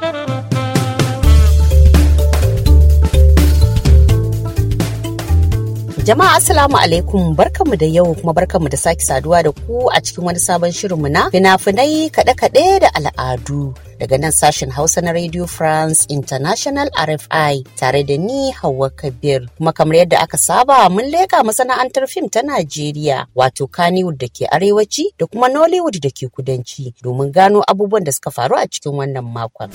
Thank you. Jama'a Assalamu alaikum barkanmu da yau kuma barkanmu da sake saduwa da ku a cikin wani sabon shirinmu na fina-finai kaɗe-kaɗe da al'adu daga nan sashen Hausa na Radio France International RFI tare da ni Hauwa Kabir. Kuma kamar yadda aka saba mun leƙa masana'antar fim ta Najeriya wato Kannywood da ke arewaci da kuma Nollywood da ke kudanci domin gano abubuwan da suka faru a cikin wannan makon.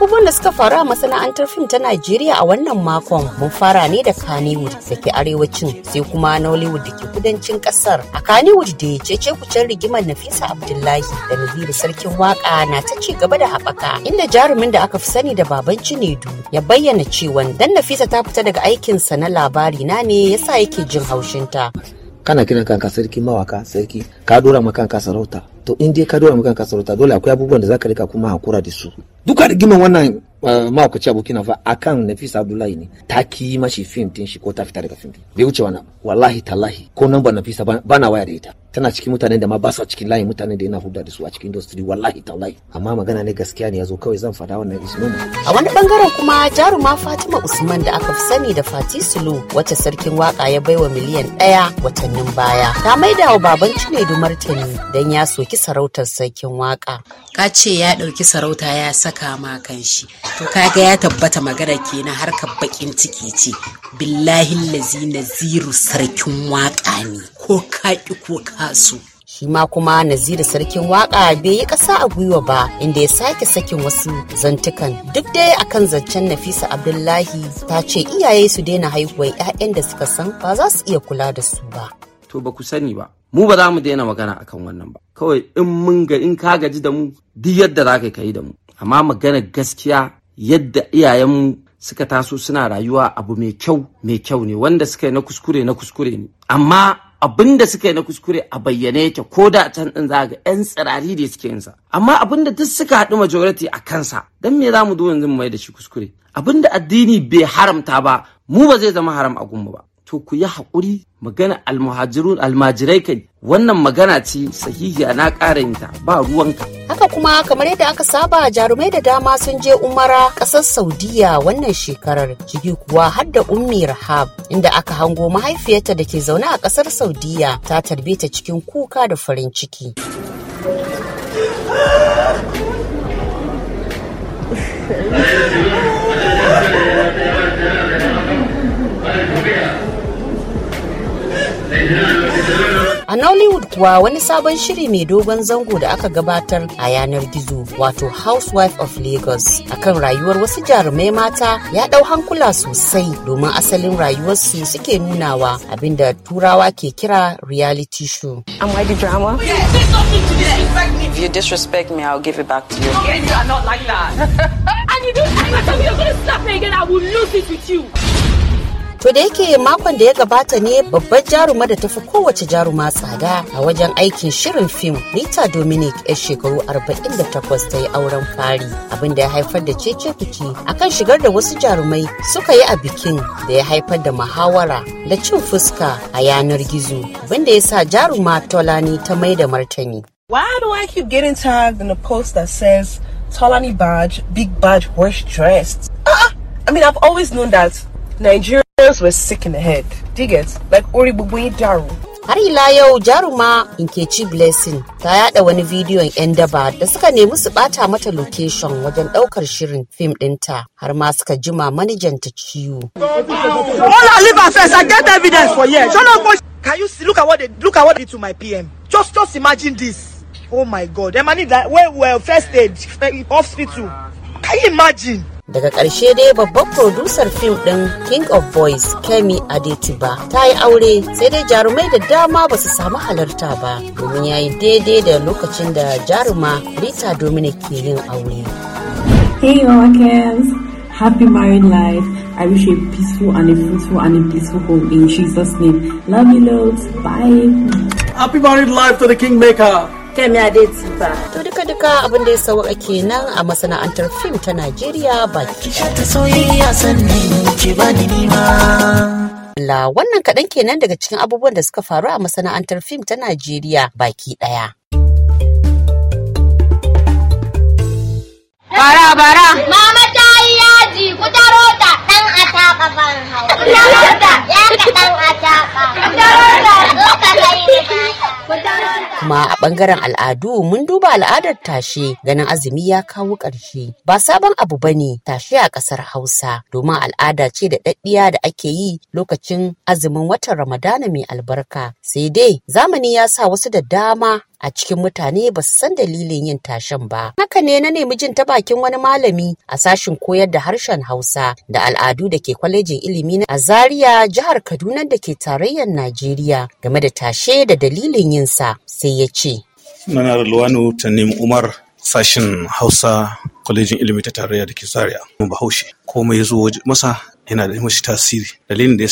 abubuwan da suka faru a masana'antar fim ta Najeriya a wannan makon mun fara ne da Kannywood da ke arewacin sai kuma Nollywood da ke kudancin kasar. A Kannywood da ya cece kucin rigimar Nafisa Abdullahi da nabiru Sarkin waƙa na ta ci gaba da haɓaka inda jarumin da aka fi sani da baban Cinedu ya bayyana cewa dan Nafisa ta fita daga aikinsa na labari na ne yasa yake jin haushin ta. kana kiran kanka sarki mawaka sarki ka dora ma kanka sarauta to in dai ka dora ma kanka sarauta dole akwai abubuwan da zaka rika kuma hakura da su duka da gimin wannan eh, mahaukaci abokina fa akan Nafisa Abdullahi ne ta ki mashi fim din shi ko ta fita daga fim din bai wuce wannan wallahi tallahi ko nan ba Nafisa ba na waya da ita tana cikin mutanen da ma ba su cikin layin mutanen da yana hudda da su a cikin industry wallahi tallahi amma magana ne gaskiya ne yazo kawai zan fada wannan isnoma a wani bangaren kuma jaruma Fatima Usman da aka fi sani da Fati Sulu wacce sarkin waka ya baiwa miliyan ɗaya watannin baya ta maida wa baban Cinedu martani dan ya soki sarautar sarkin waka ka ya ɗauki sarauta ya sa saka ma kan shi to kaga ya tabbata magana kenan harkar bakin ciki ce billahi lazi naziru sarkin waka ne ko kaki ko kasu shi ma kuma naziru sarkin waka bai yi ƙasa a gwiwa ba inda ya sake sakin wasu zantukan duk dai akan zancen nafisa abdullahi ta ce iyaye su daina haihuwa 'ya'yan da suka san ba za su iya kula da su ba to ba ku sani ba mu ba za mu daina magana akan wannan ba kawai in mun ga in ka gaji da mu duk yadda za ka yi da mu amma maganar gaskiya yadda iyayenmu suka taso suna rayuwa abu mai kyau mai kyau ne wanda suka yi na kuskure na kuskure ne amma abin da suka yi na kuskure a bayyane yake ko da can din za ga yan tsirari da suke yinsa amma abin da duk suka haɗu majority a kansa don me za mu zo yanzu mu mai da shi kuskure abin da addini bai haramta ba mu ba zai zama haram a gunmu ba to ku yi haƙuri magana almuhajirun almajirai kai wannan magana ce sahihiya na ƙara yin ta ba ruwanka. Haka kuma kamar yadda aka saba jarumai da dama sun je umara ƙasar Saudiya wannan shekarar ciki kuwa har da ummi Rahab inda aka hango mahaifiyarta da ke zaune a ƙasar Saudiya ta tarbe ta cikin kuka da farin ciki. A Nollywood kuwa wani sabon shiri mai dogon zango da aka gabatar a yanar gizo wato Housewife of Lagos akan rayuwar wasu jarumai mata ya ɗau hankula sosai domin asalin rayuwarsu suke nunawa abinda turawa ke kira reality show. Am I the drama? If you disrespect me, I'll give it back to you. Yes, you are not like that. and you do anything, you're going to stop me again. I will lose it with you. To da yake makon da ya gabata ne babbar jaruma da tafi kowace jaruma tsada a wajen aikin shirin fim Rita Dominic yar shekaru 48 ta yi auren fari abin da ya haifar da cece a akan shigar da wasu jarumai suka yi a bikin da ya haifar da muhawara da cin fuska a yanar gizo abinda ya sa jaruma Tolani ta mai da martani. Why do I keep getting tagged in a post that says Tolani badge, big badge, worst dressed? Uh, I mean, I've always known that Nigerians were sick in the head. Do you get? Like Ori Bubui Daru. har ila yau jaruma inkechi blessing ta yada wani bidiyon 'yan daba da suka nemi su bata mata location wajen daukar shirin fim dinta har ma suka jima manajanta ciwo Can you see? Look at what they look at what they did to my PM. Just just imagine this. Oh my God! Emani, that where were well first aid eh, hospital. Can you imagine? daga ƙarshe dai babban producer fim ɗin king of boys kemi adetiba ta yi aure sai dai jarumai da dama ba su samu halarta ba domin ya yi daidai da lokacin da jaruma rita dominic ke yin aure hey Kels. happy married life i wish you a peaceful and a fruitful and a peaceful home in jesus name love you loads bye happy married life to the kingmaker ya dai tsifa. To duka duka abin da ya sauka kenan a masana'antar fim ta Najeriya baki. ta soyayya sannan ki ni nima. La wannan kaɗan kenan daga cikin abubuwan da suka faru a masana'antar fim ta Najeriya baki ɗaya. Bara bara! Mama ta yi yaji ku taro ta kaban Kuma a ɓangaren al'adu mun duba al'adar tashe ganin azumi ya kawo ƙarshe. Ba sabon abu ba ne tashe a ƙasar Hausa domin al'ada ce da ɗaɗɗiya da ake yi lokacin azumin watan Ramadana mai albarka. Sai dai zamani ya sa wasu da dama a cikin mutane ba su san dalilin yin tashen ba. Haka ne na nemi jin ta bakin wani malami a sashin koyar da harshen Hausa da al'adu da ke kwalejin ilimi na Zaria jihar Kaduna da ke tarayyar Najeriya game da tashe da dalilin yin sa sai ya ce. Sunana Rilwanu Tanim Umar sashen Hausa kwalejin ilimi ta tarayya da ke Zaria. Bahaushe komai ya zo masa yana da mashi tasiri dalilin da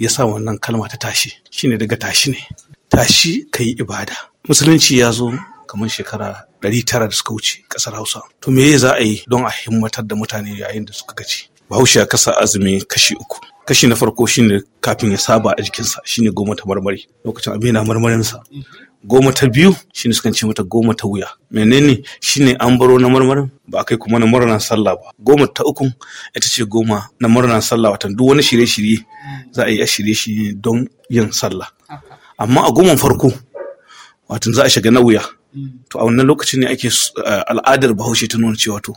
ya sa wannan kalma ta tashi shine daga tashi ne tashi ka yi ibada musulunci ya zo kamar shekara ɗari tara da suka wuce ƙasar hausa to me za a yi don a himmatar da mutane yayin da suka gaci bahaushe a kasa azumi kashi uku kashi na farko shine kafin ya saba a jikinsa shine goma ta marmari lokacin abin na marmarinsa goma ta biyu shine sukan ce mata goma ta wuya menene shine an baro na marmarin ba kai kuma na murnar sallah ba goma ta uku ita ce goma na murnar sallah watan duk wani shirye-shirye za a yi a shirye-shirye don yin sallah amma a goma farko watan za a shiga na wuya mm. to a wannan lokacin ne ake eh, al'adar bahaushe ta nuna cewa to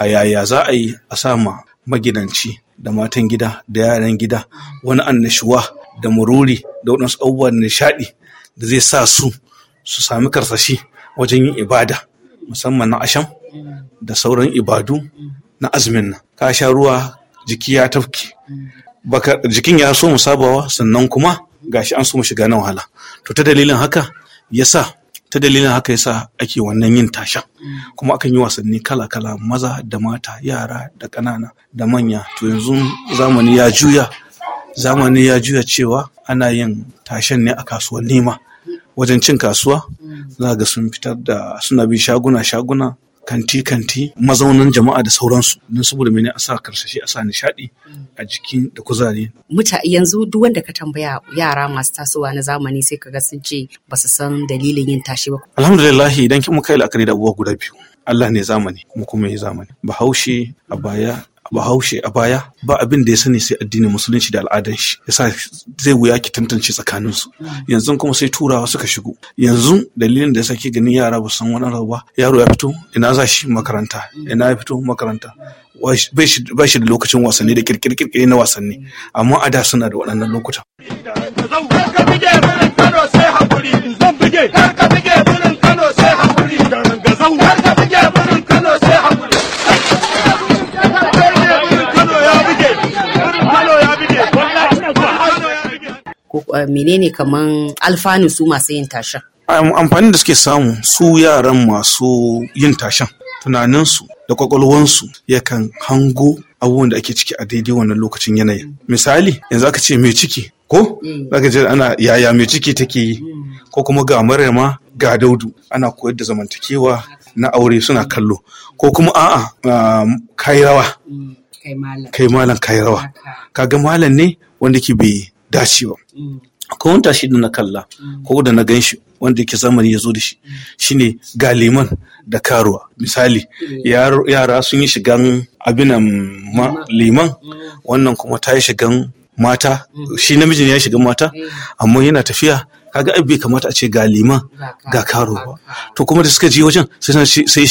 a yaya za a yi a sama magidanci da matan gida da yaran gida wani annashuwa da mururi da waɗansu abubuwan nishaɗi da zai sa su su sami karsashi wajen yin ibada musamman na asham da sauran ibadu na azumin nan ka sha ruwa jiki ya tafki jikin ya so mu sabawa sannan kuma gashi an so mu shiga na wahala to ta dalilin haka Ya sa ta dalilin haka ya yasa ake wannan yin tashan kuma akan yi wasanni kala-kala maza da mata yara da ƙanana da manya to yanzu zamani ya juya zamani ya juya cewa ana yin tashen ne a kasuwanni ma wajen cin kasuwa za ga sun fitar da suna bin shaguna shaguna kanti-kanti mazaunan jama'a da sauransu don saboda mene a sa karsashi a sa nishaɗi a jikin da kuzari. Muta yanzu duk wanda ka tambaya yara masu tasowa na zamani sai ka ga sun ce ba su san dalilin yin tashi ba. Alhamdulillah idan kin muka yi la'akari da abubuwa guda biyu. Allah ne zamani kuma kuma ya zamani. Bahaushe a baya A bahaushe a baya ba abin da ya sani sai addinin musulunci da al'adan shi yasa zai wuya ki tantance tsakanin su yanzu kuma sai turawa suka shigo yanzu dalilin da yasa ke ganin yara ba san wani rawa yaro ya fito ina za shi makaranta ina ya fito makaranta ba shi da lokacin wasanni da kirkirkirkiri na wasanni amma a da suna da waɗannan lokutan Eh, menene kaman alfanu su masu yin tashen? amfanin da suke samu su yaran masu yin tashen tunaninsu da kwakwalwansu yakan hango abubuwan da ake ciki a daidai wannan lokacin yanayi misali yanzu aka ce mai ciki ko mm. zaka ji ana yaya mai ciki take yi mm. ko kuma ga marema ga daudu ana koyar da zamantakewa na aure suna kallo ko kuma a'a kai rawa mm, kai malam kai rawa kaga malam ne wanda ke bai dace ba mm. ko wani tashi da na kalla mm. ko da na gan shi wanda yake zamani ya zo da shi mm. shine galiman da karuwa misali yara sun yi shigan abinan liman wannan kuma ta yi shigan mata shi namijin ya shiga mata amma yana tafiya kaga ai bai kamata a ce ga liman ga karo ba to kuma da suka je wajen sai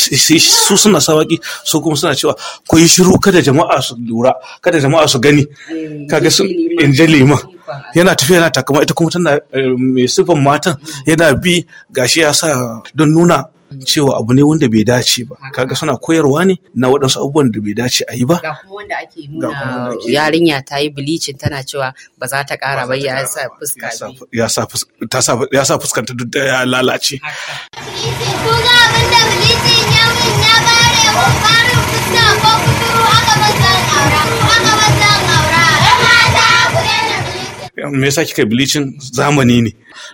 su suna sa waki su kuma suna cewa ku yi shiru kada jama'a su lura kada jama'a su gani eh, kaga sun inje liman yana tafiya yana takama ita kuma tana eh, mai sifan matan mm. yana bi gashi ya sa don nuna cewa abu ne wanda bai dace ba kaga suna koyarwa ne na waɗansu abubuwan da bai dace a yi ba ga kuma wanda ake nuna yarinya ta yi bilicin tana cewa ba za ta ƙara ba ya sa fuskanta duk da ya lalace ya me yasa kika bilicin zamani ne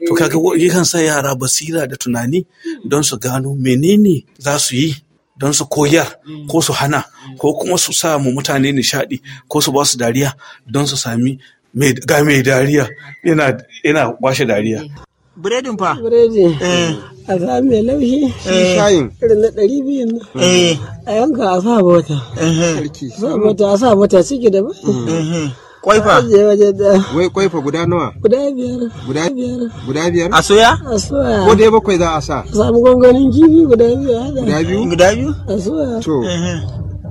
to kaga yakan sa yara basira da tunani don su gano menene za su yi don su koyar ko su hana ko kuma su sa mu mutane nishadi ko su ba su dariya don su sami ga mai dariya yana kwashe dariya biredin fa biredin eh. a sami mai laushi eh. shayin irin na ɗari biyu na eh. a yanka a sa bota a sa bota ciki da ba Kwaifa? Wai kwaifa guda nawa? Guda biyar. Guda biyar. Guda biyar? A soya? A soya. Ko dai bakwai za a sa? Samu gwangwanin kifi guda biyu. Guda biyu? Guda biyu? A soya. To.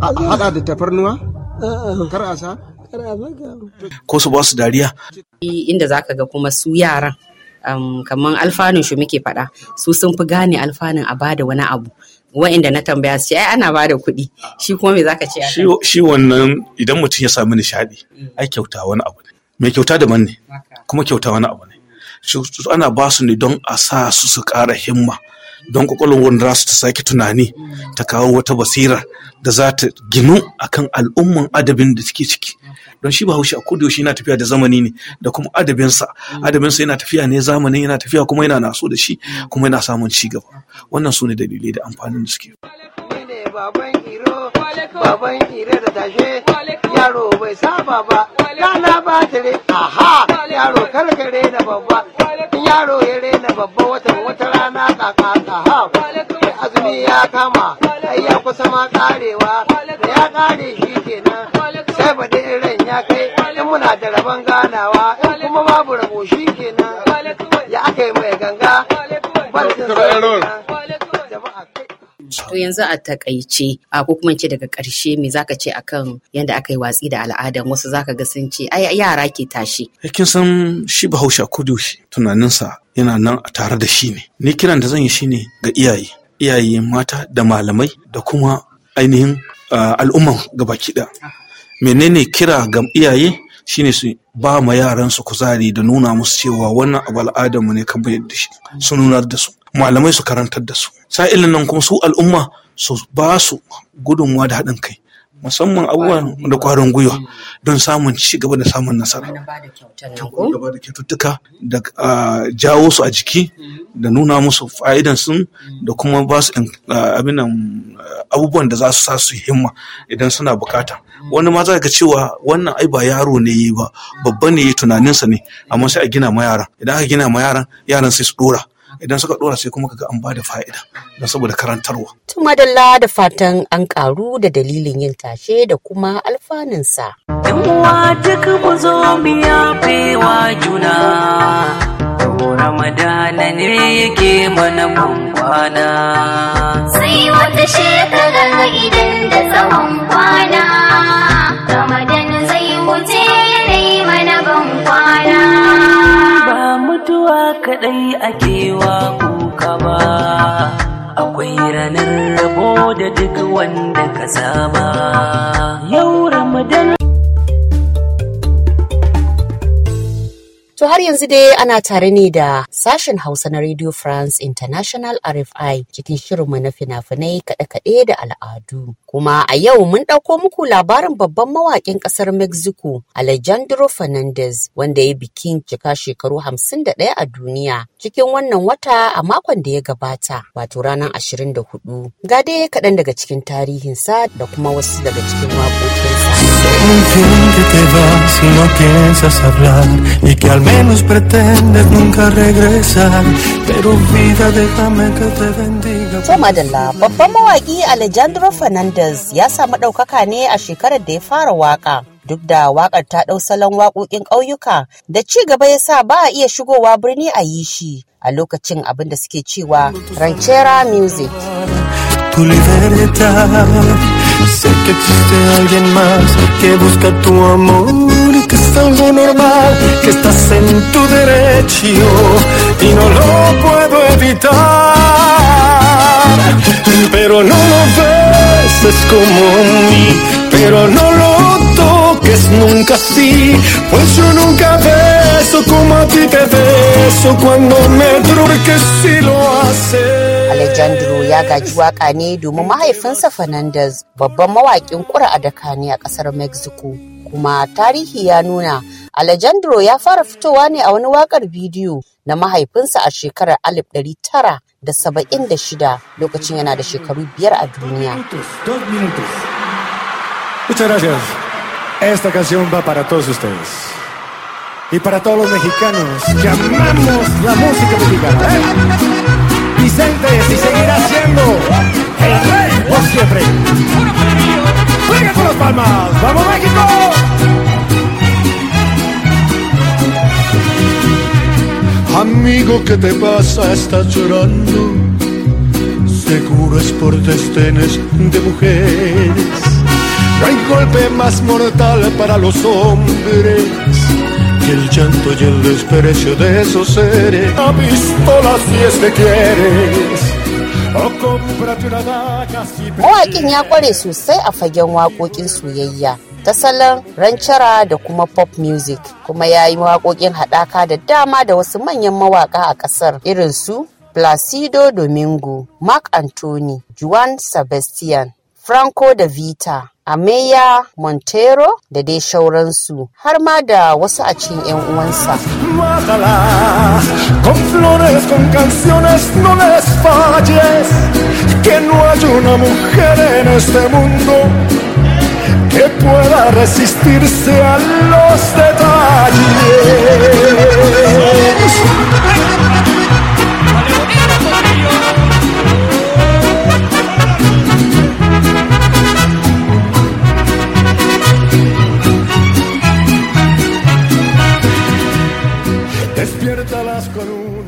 Haɗa da tafarnuwa? A'a. Kar a sa? Kar a baka. Ko su ba su dariya? Inda za ka ga kuma su yaran. Um, kamar alfanun shi muke faɗa su sun fi gane alfanun a bada wani abu wa'inda na tambaya su ai ana ba da kuɗi shi kuma me zaka ce shi wannan idan mutum ya samu nishaɗi ai kyauta wani abu ne mai kyauta daban ne kuma kyauta wani abu ne ana ba su ne don a sa su su ƙara himma don kwakwalwar wanda za su ta sake tunani ta kawo wata basira da za ta ginu akan al'umman adabin da suke ciki don shi bahaushe a koda shi yana tafiya da zamani ne da kuma adabinsa adabinsa yana tafiya ne zamani yana tafiya kuma yana naso da shi kuma yana samun ci gaba wannan su ne dalilai da amfanin da suke. baban ire da tashe yaro bai saba ba kana ba tare aha yaro karkare na babba yaro ya rena babba wata wata rana kaka ha! azumi ya kama ai ya kusa ma karewa ya kare shi kenan sai ba dai ran ya kai in muna da rabon ganawa kuma babu rabo shi kenan ya aka mai ganga ba da To yanzu a takaice a ko kuma ce daga ƙarshe me zaka ce akan yanda aka yi watsi da al'ada? wasu zaka ga sun ce ai yara ke tashi. Eh, kin san shi Bahaushe kudu shi. tunaninsa yana nan a tare da shi ne. Ni kiran da zan yi shi ne ga iyaye. Iyaye mata da malamai da kuma ainihin ah, al'umman gabaki kiɗa. Menene kira ga iyaye? shine su ba ma su kuzari da nuna musu cewa wannan abu al'adarmu ne kamar yadda su nunar da su malamai su karantar da su sa'ilin nan kuma su al'umma su ba su gudunmuwa da haɗin kai musamman abubuwan da kwarin gwiwa don samun ci gaba da samun nasara gaba da kyaututtuka da jawo su a jiki da nuna musu fa'idan sun da kuma ba su abubuwan da za su sa su himma idan suna bukata wani ma za ka cewa wannan ai ba yaro ne ba babba ne yi tunaninsa ne amma sai a gina ma yaran idan aka gina ma yaran yaran sai su dora idan suka ɗora, sai kuma kaga an ba da fa'ida don saboda karantarwa. madalla da fatan an ƙaru da dalilin yin tashe da kuma alfanunsa. Yan duka duk mu zo mu yafe wa juna. Ramadana ne yake mana kwana. Sai wata shekara idan da tsawon kwana. kaɗai ake wa kuka ba akwai ranar rabo da duk wanda ka saba yau ramadan To har yanzu dai ana tare ne da sashen Hausa na Radio France International RFI cikin shirinmu na fina-finai kaɗe-kaɗe da al'adu. Kuma a yau mun ɗauko muku labarin babban mawaƙin ƙasar Mexico, Alejandro Fernandez, wanda ya bikin cika shekaru 51 a duniya cikin wannan wata a makon da ya gabata, wato ranar 24. Ga dai kaɗan daga cikin tarihinsa da kuma wasu daga cikin waƙoƙinsa. To madalla babban mawaki Alejandro Fernandez ya samu ɗaukaka ne a shekarar da ya fara waka. Duk da wakar ta ɗau salon waƙoƙin ƙauyuka da ci gaba ya sa ba a iya shigowa birni a yi shi a lokacin abin da suke cewa ranchera music. Sé que existe alguien más que busca tu amor y que es algo normal, que estás en tu derecho y no lo puedo evitar. Pero no lo ves, es como mí, pero no lo que es nunca así. Pues yo nunca beso como a ti te beso cuando me que si lo hace. Alejandro ya gaji waka ne domin mahaifinsa Fernandez babban mawaƙin ƙura a dakani a ƙasar Mexico. Kuma tarihi ya nuna Alejandro ya fara fitowa ne a wani wakar bidiyo na mahaifinsa a shekarar 1976 lokacin yana da shekaru biyar a duniya. Esta canción va para todos ustedes. Y para todos los mexicanos que amamos la música mexicana. y Vicente, si seguirá siendo el rey por siempre. ¡Juega con las palmas! ¡Vamos México! Amigo, ¿qué te pasa? Estás llorando. Seguro es por destenes de mujeres No hay golpe más mortal para los hombres que el llanto y el desprecio de esos seres. A pistola si es que quieres. Oh, Mawaƙin ya kware sosai a fagen waƙoƙin soyayya ta salon rancara da kuma pop music kuma ya yi waƙoƙin haɗaka da dama da wasu manyan mawaƙa a ƙasar irinsu Placido Domingo, Mark Anthony, Juan Sebastian, Franco da Vita, Ameya Montero de dai shauransu har ma da wasu a Con flores, con canciones, no les falles, que no hay una mujer en este mundo que pueda resistirse a los detalles.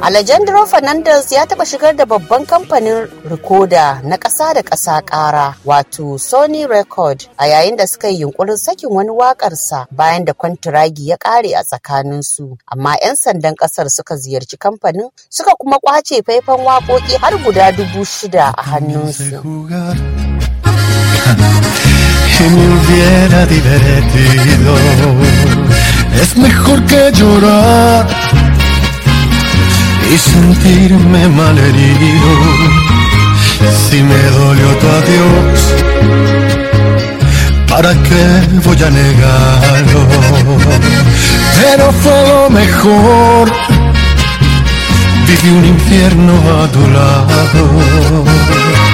Alejandro Fernandez ya taɓa shigar da babban kamfanin rikoda na ƙasa da ƙasa ƙara wato Sony Record a yayin da suka yi yunkurin sakin wani waƙarsa bayan da kwantiragi ya ƙare a tsakaninsu. Amma 'yan sandan ƙasar suka ziyarci kamfanin suka kuma ƙwace faifan waƙoƙi har guda dubu shida a hannunsu. Es mejor que llorar y sentirme malherido. Si me dolió tu adiós, ¿para qué voy a negarlo? Pero fue lo mejor, viví un infierno a tu lado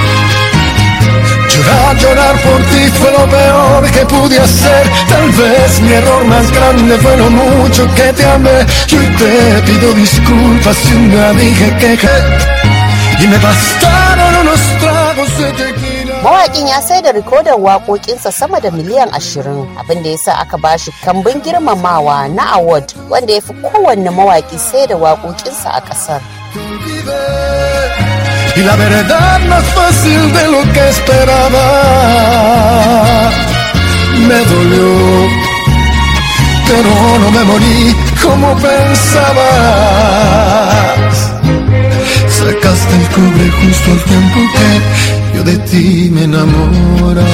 Rayonar por ti fue lo peor que pude hacer. Tal vez mi error más grande fue lo mucho que te amé. Yo te pido disculpas si una dije que y me bastaron unos tragos de tequila. Mawaƙin ya sai da rikodar waƙoƙinsa sama da miliyan ashirin abinda ya sa aka ba shi kambin girmamawa na award wanda ya fi kowanne mawaƙi sai da waƙoƙinsa a ƙasar. y la verdad más fácil de lo que esperaba. Me dolió, pero no me morí como pensabas. Sacaste el cobre justo al tiempo que yo de ti me enamoraba.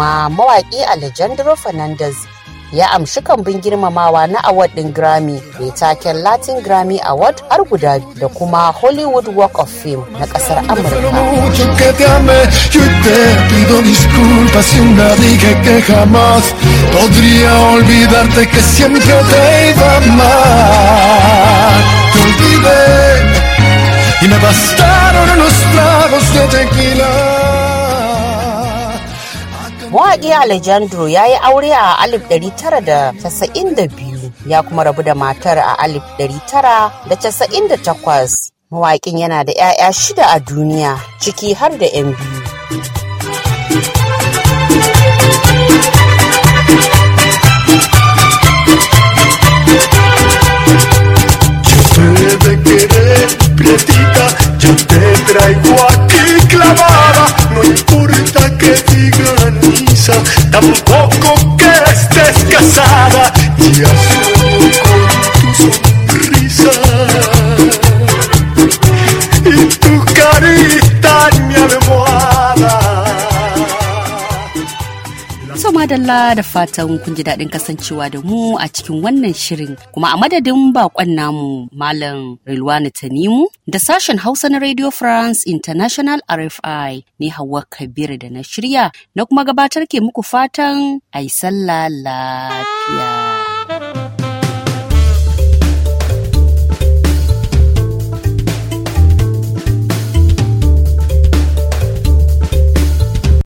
kuma mawaƙi Alejandro Fernandez ya amshi kambin girmamawa na award ɗin Grammy mai taken Latin Grammy Award har guda da kuma Hollywood Walk of Fame na ƙasar Amurka. Y me bastaron unos tragos de tequila. mawaƙi alejandro ya yi aure a 1992 ya kuma rabu da matar a 1998 mawaƙin yana da 'ya'ya shida a duniya ciki har da 'yan biyu Yo te traigo aquí clavada, no importa que digan. tampoco que estés casada. Y madalla da fatan kun ji daɗin kasancewa da mu a cikin wannan shirin kuma a madadin baƙon namu Malam Rilwani Tanimu da sashen Hausa na Radio France International RFI ne Hauwa Kabir da na shirya na kuma gabatar ke muku fatan ai sallah lafiya.